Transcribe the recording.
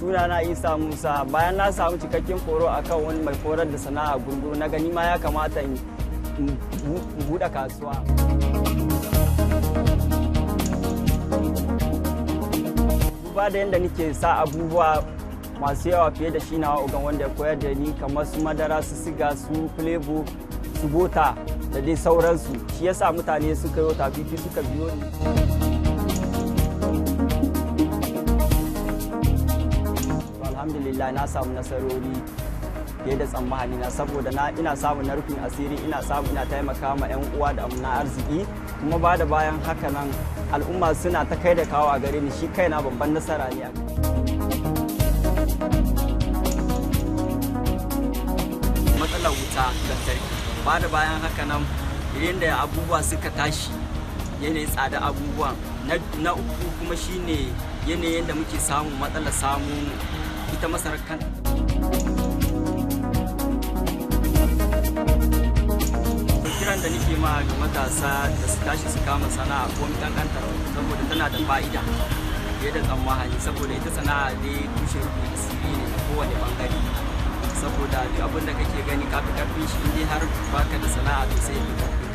sunana isa musa bayan na samu cikakken a kan wani mai korar da sana'a gurguru na gani ma ya kamata in buɗe kasuwa duba da yadda nike sa abubuwa masu yawa fiye da shi na ogan wanda ya koyar da ni kamar su madara su siga su flevo su bota da dai sauransu shi yasa mutane suka yi fifi suka biyo ni alhamdulillah na samu nasarori fiye da tsammani na saboda na ina samun na rufin asiri ina samu ina taimaka ma yan uwa da amna arziki kuma ba da bayan haka nan al'umma suna ta kai da kawo a gare ni shi kaina babban nasara ne matsalar wuta lantarki ba da bayan haka nan irin da abubuwa suka tashi yanayin tsada abubuwa na uku kuma shine yanayin da muke samun matsalar samun ita masarar kanta kiran da nake ma ga matasa da su tashi su kama sana'a ko ɗan kanta saboda tana da fa'ida fiye da tsammani saboda ita sana'a dai tushen asiri ne kowane bangare saboda duk abin da kake gani kafin karfin shi dai har baka da sana'a to sai